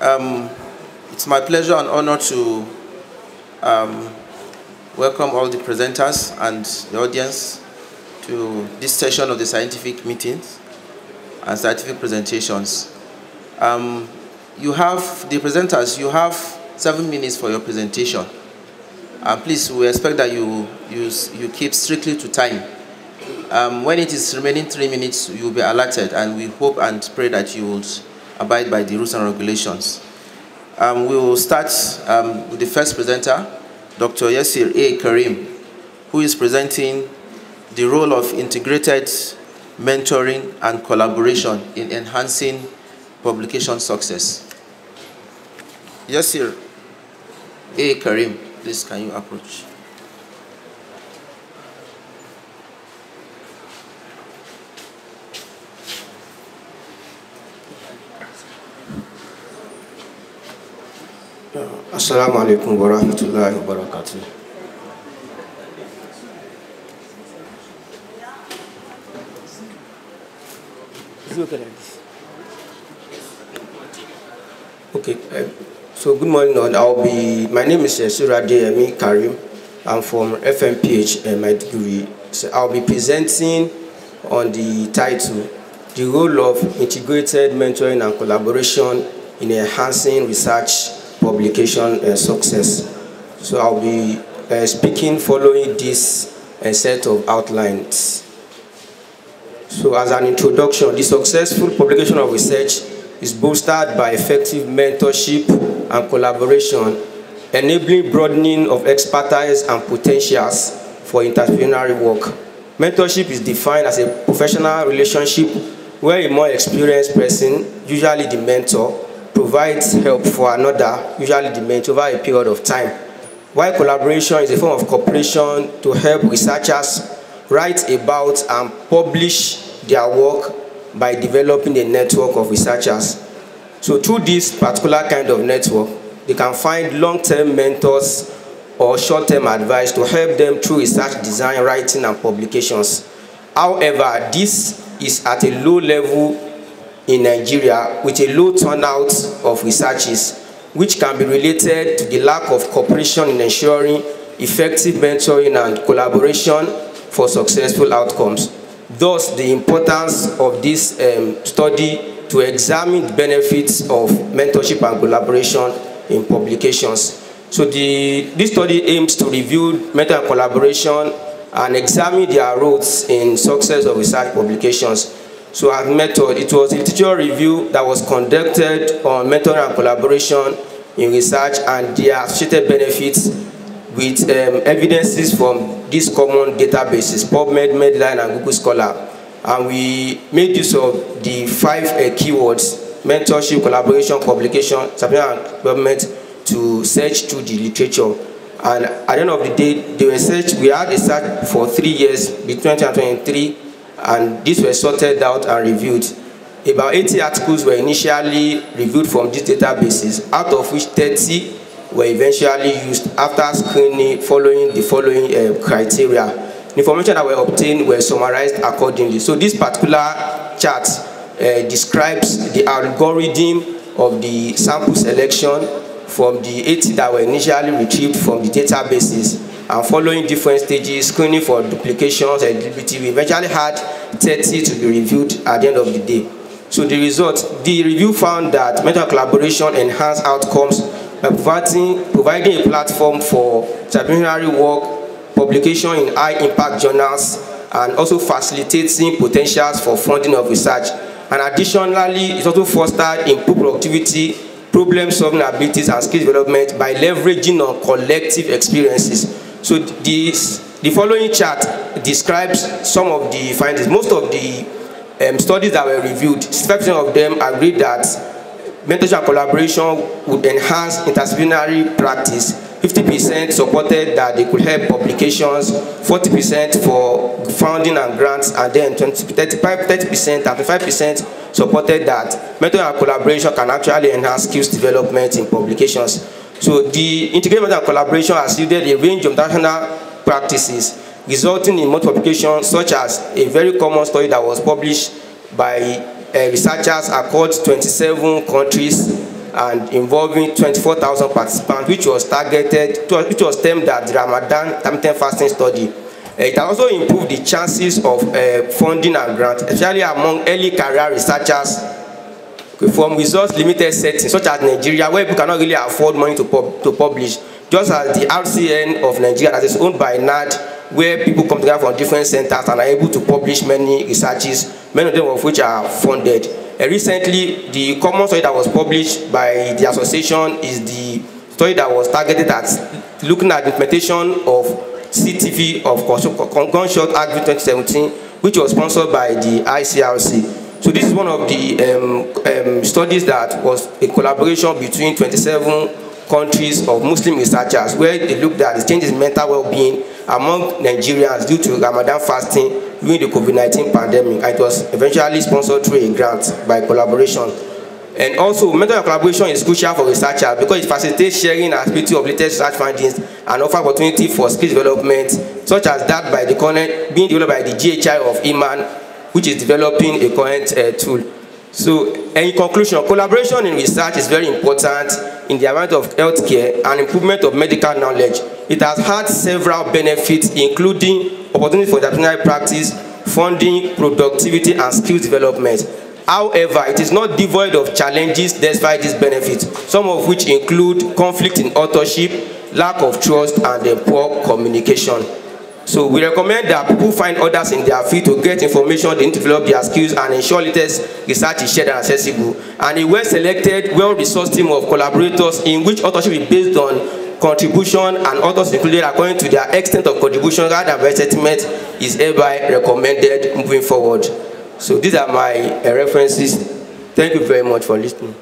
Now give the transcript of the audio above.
Um, it's my pleasure and honor to um, welcome all the presenters and the audience to this session of the scientific meetings and scientific presentations. Um, you have, the presenters, you have seven minutes for your presentation. And please, we expect that you, you, you keep strictly to time. Um, when it is remaining three minutes, you'll be alerted, and we hope and pray that you will abide by the rules and regulations. Um, we will start um, with the first presenter, Dr. Yasir A. Karim, who is presenting the role of integrated mentoring and collaboration in enhancing publication success. Yasir A. Karim, please can you approach? Assalamu alaikum wa rahmatullahi wa Okay, uh, so good morning all. I'll be, my name is eh, Surade Emi Karim. I'm from FMPH and eh, my degree. So I'll be presenting on the title, The Role of Integrated Mentoring and Collaboration in Enhancing Research publication uh, success. So I'll be uh, speaking following this uh, set of outlines. So as an introduction, the successful publication of research is bolstered by effective mentorship and collaboration, enabling broadening of expertise and potentials for interdisciplinary work. Mentorship is defined as a professional relationship where a more experienced person, usually the mentor, provides help for another, usually the mentor over a period of time. While collaboration is a form of cooperation to help researchers write about and publish their work by developing a network of researchers. So through this particular kind of network, they can find long-term mentors or short-term advice to help them through research design, writing, and publications. However, this is at a low level in Nigeria with a low turnout of researches, which can be related to the lack of cooperation in ensuring effective mentoring and collaboration for successful outcomes. Thus, the importance of this um, study to examine the benefits of mentorship and collaboration in publications. So the, this study aims to review mentor collaboration and examine their roles in success of research publications. So our method, it was a teacher review that was conducted on method and collaboration in research and their associated benefits with um, evidences from these common databases, PubMed, Medline, and Google Scholar. And we made use of the five uh, keywords, mentorship, collaboration, publication, supplement, and government to search through the literature. And at the end of the day, the research we had a search for three years, between 2023 and these were sorted out and reviewed. About 80 articles were initially reviewed from these databases, out of which 30 were eventually used after screening following the following uh, criteria. The information that were obtained were summarized accordingly. So this particular chart uh, describes the algorithm of the sample selection from the 80 that were initially retrieved from the databases and following different stages, screening for duplications and DBT. we eventually had 30 to be reviewed at the end of the day. So the result, the review found that meta collaboration enhanced outcomes by providing, providing a platform for disciplinary work, publication in high-impact journals, and also facilitating potentials for funding of research. And additionally, it also fostered improved productivity, problem-solving abilities, and skill development by leveraging on collective experiences So this, the following chart describes some of the findings. Most of the um, studies that were reviewed, 65% of them agreed that mentorship and collaboration would enhance interdisciplinary practice. 50% supported that they could help publications, 40% for funding and grants, and then 20, 35, 35% supported that mentorship and collaboration can actually enhance skills development in publications. So the integrated method collaboration has yielded a range of national practices, resulting in multiplication such as a very common study that was published by uh, researchers across 27 countries and involving 24,000 participants, which was targeted, to, which was termed as Ramadan Ramadan fasting study. Uh, it also improved the chances of uh, funding and grants, especially among early career researchers from resource limited settings such as Nigeria where people cannot really afford money to, pub to publish just as the RCN of Nigeria that is owned by NAD where people come together from different centers and are able to publish many researches many of them of which are funded uh, recently the common study that was published by the association is the study that was targeted at looking at the implementation of CTV of gunshot act 2017 which was sponsored by the ICRC So this is one of the um, um, studies that was a collaboration between 27 countries of Muslim researchers where they looked at the changes in mental well-being among Nigerians due to Ramadan fasting during the COVID-19 pandemic. It was eventually sponsored through a grant by collaboration. And also, mental collaboration is crucial for researchers because it facilitates sharing aspects of latest research findings and offer opportunity for skill development, such as that by the current being developed by the GHI of Iman which is developing a current uh, tool. So, in conclusion, collaboration in research is very important in the amount of healthcare and improvement of medical knowledge. It has had several benefits, including opportunity for interdisciplinary practice, funding, productivity, and skills development. However, it is not devoid of challenges despite these benefits, some of which include conflict in authorship, lack of trust, and poor communication. So we recommend that people find others in their field to get information, then develop their skills and ensure latest research is shared and accessible. And a well-selected, well-resourced team of collaborators in which authorship is based on contribution and authors included according to their extent of contribution rather than sentiment is hereby recommended moving forward. So these are my uh, references. Thank you very much for listening.